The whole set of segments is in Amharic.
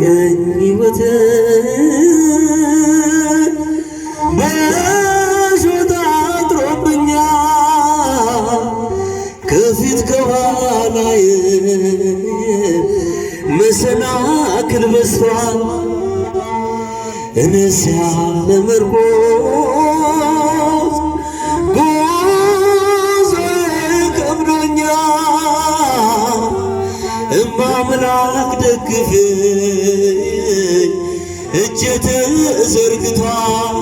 ቀኝ ሕይወት በሾህ ከፊት ከኋላዬ መሰናክል በዝቷል። እኔስ ያለመርቆት ጉዞዬ ከብዶኛል እመ አምላክ እጄ ተዘርግቷል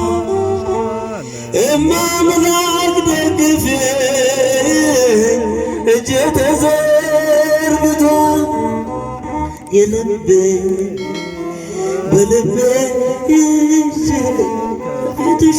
እማምላክ ተዘርግቷል ፊትሽ ፊትሽ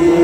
দিয়ে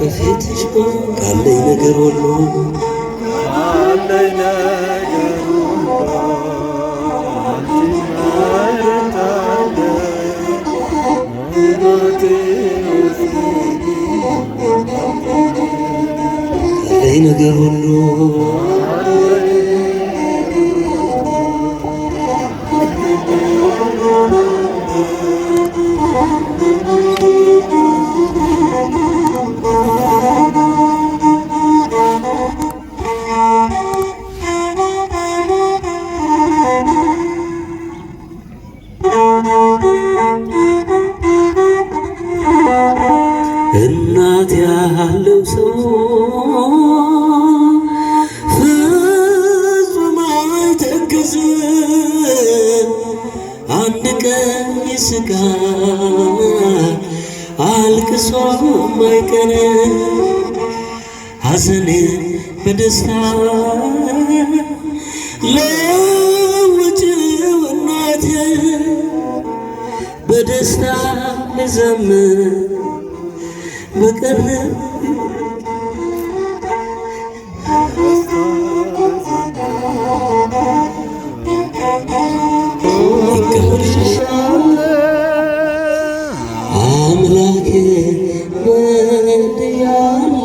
በፊትሽ ቆም ካለኝ ነገር ሁሉ በደስታ ለውጭው እናት በደስታ ልዘምር በቀረብ አምላክ በድያለ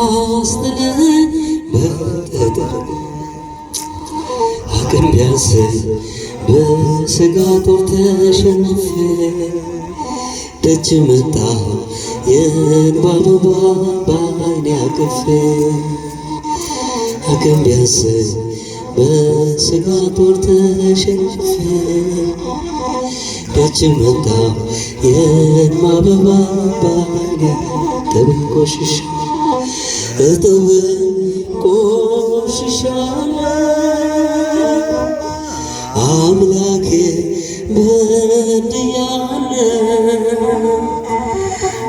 ውስጥ አቅም ቢያንስ በስጋ ጦር ተሸንፌ ደጅ መጣ የእንባ አበባ ባይኔ አቅም ቢያንስ በስጋ ጦር ተሸንፌ ደጅ መጣ የእንባ አበባ ባይኔ እጥብ ቆሽሻለሁ አምላኬ በድያለሁ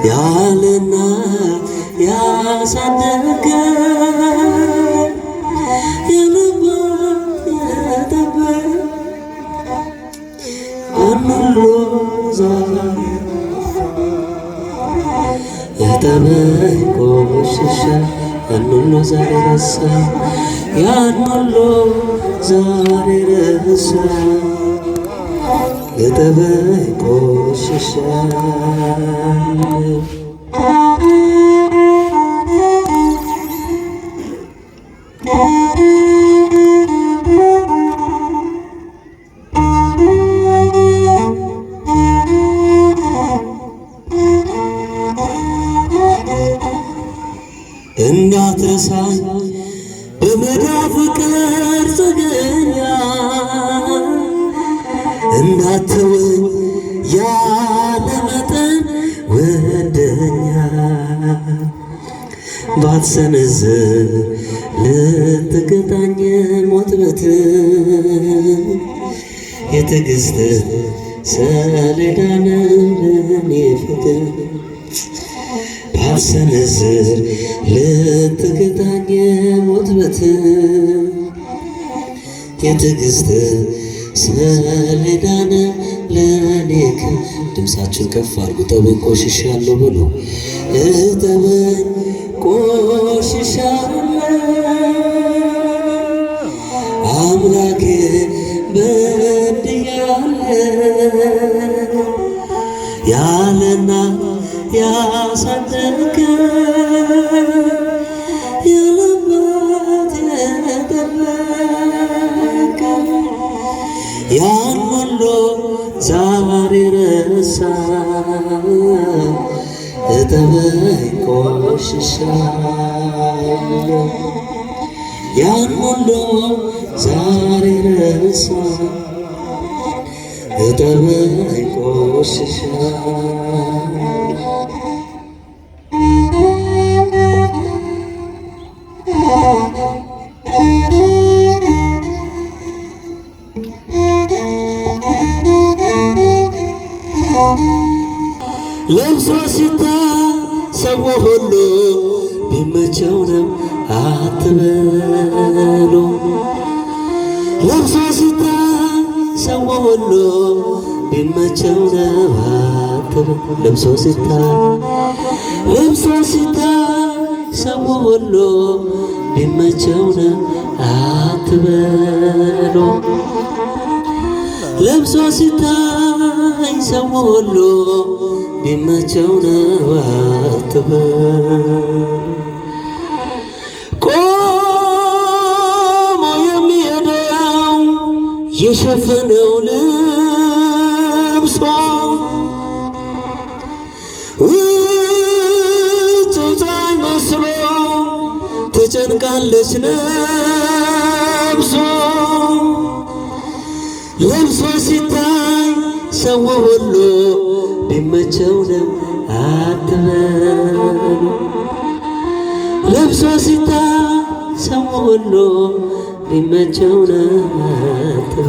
ያለና ያሳደገኝ የልባ የጠበቀኝ ቀኑን ሁሉ ገጠመኝ ቆሽሸ ያንሎ ዛሬ ረሳ ያንሎ ዛሬ ረሳ ገጠመኝ ቆሽሸ ሳትሰነዝር ልትገጣኝ ሞት በት የትዕግስት ሰሌዳን ለኔ ፍቅር ባትሰነዝር ልትገጣኝ ሞት በት የትዕግስት ሰሌዳን ለኔ ድምፃችን ከፍ አድርጉ። ቆሽሻለሁ ብሎ እህተመን ቆሽሻለሁ አለው ያን ሁሉ ዛሬ ረሳ እጠብ አይቆሽሻል ለብሶ ሲታ ሰው ሁሉ ይመቸውንም አትበሉ። ለብሶ ሲታይ ሰው ሁሉ ቢመቸውንም አትበሉ። ለብሶ ሲታይ ለብሶ ሲታይ ሰው ሁሉ ቢመቸውንም አትበሉ። ለብሶ ሲታይ ሰው ሁሉ የሚመቸው ነው አትበል። ቆሞ የሚሄደው የሸፈነው ልብሷ ውጭውታይ መስሎ ትጨንቃለች ለብሶ ለብሶ ሲታይ ሰው ሁሉ የሚመቸው ነው አትበሉ። ለብሶ ሲታይ ሰው ሁሉ የሚመቸው ነው አትበሉ።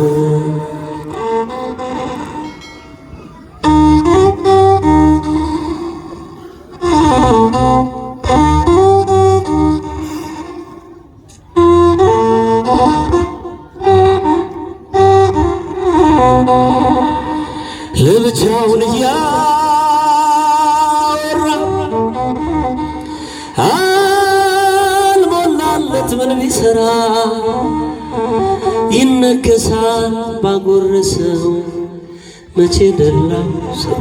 እልቻውን እያወራ አልሞላለት ምን ቢሰራ ይነገሳል ባጎረሰው መቼ ደላው ሰው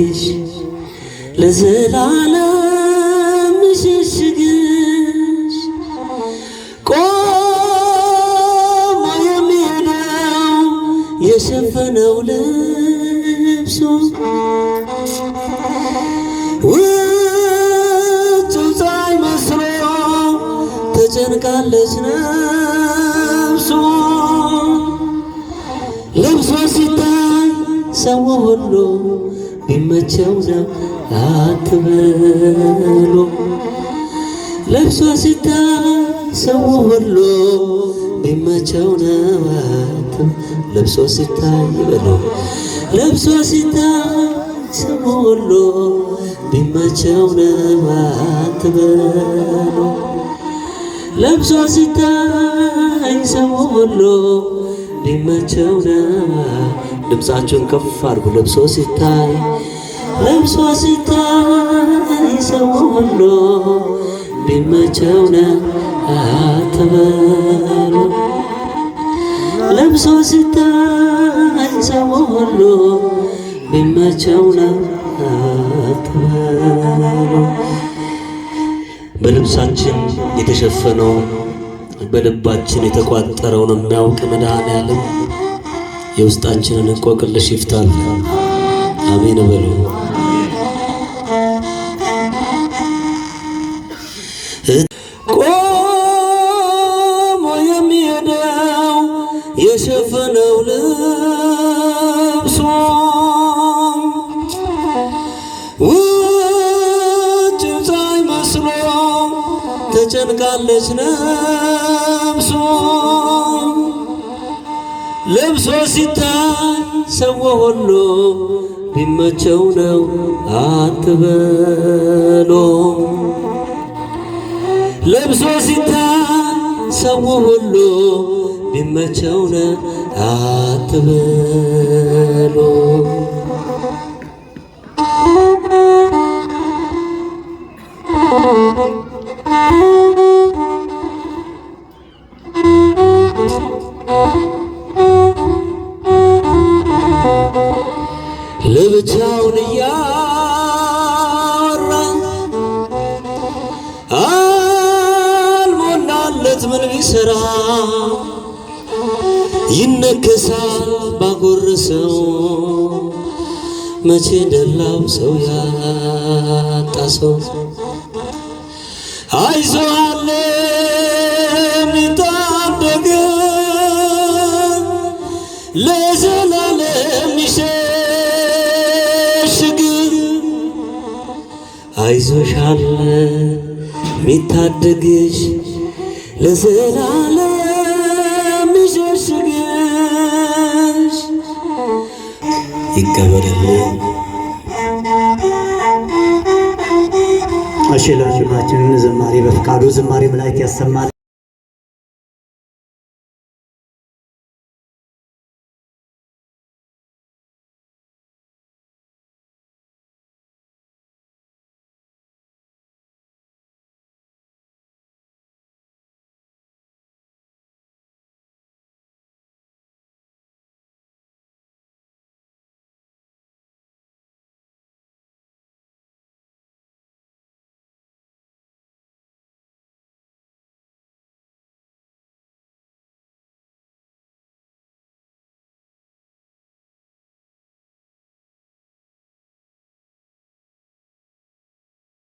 ልጅሽ ለዘላለም ምሽሽግሽ ቆሞ የሚሄደው የሸፈነው ልብሱ ውጭ ፀሐይ መስሎ ተጨንቃለች ነፍሱ ልብሶ ሲታይ ሰው ሁሉ ቢመቸው ዘብ አትበሉ ለብሶ ሲታ ሰው ሁሉ ቢመቸው ነው ለብሶ ሲታይ በሉ ለብሶ ሲታይ ሰው ሁሉ ቢመቸው ነው አትበሉ ለብሶ ሲታይ ሰው ሁሉ ቢመቸው ነው ድምፃቸውን ከፍ አድርጉ። ለብሶ ሲታይ ለብሶ ሲታይ ሰው ሁሉ ቢመቸው ነው አትበሉ። ለብሶ ሲታይ ሰው ሁሉ ቢመቸው ነው አትበሉ። በልብሳችን የተሸፈነው በልባችን የተቋጠረውን የሚያውቅ መድኃኔዓለም የውስጣችንን እንቆቅልሽ ይፍታል። አሜን በሉ። ቆሞ የሚሄደው የሸፈነው ልብሶ ውጭ ፀሐይ መስሎ ተጨንቃለች ነብሶ ልብሶ ሲታይ ሰው ሁሉ ቢመቸው ነው አትበሎ ልብሶ ሲታይ ሰው ሁሉ ቢመቸው ነው አትበሎ ይነከሳል ባጎረሰው መቼ ደላው ሰው ያጣ ሰው አይዞሃል የሚታደገ ለዘላለም ይሸሽግ አይዞሻል የሚታደግሽ ለዘላለም ስግሽ ይቀበልልን። እሺ ለሽማችን ዝማሬ በፍቃዱ ዝማሬ መላእክት ያሰማል።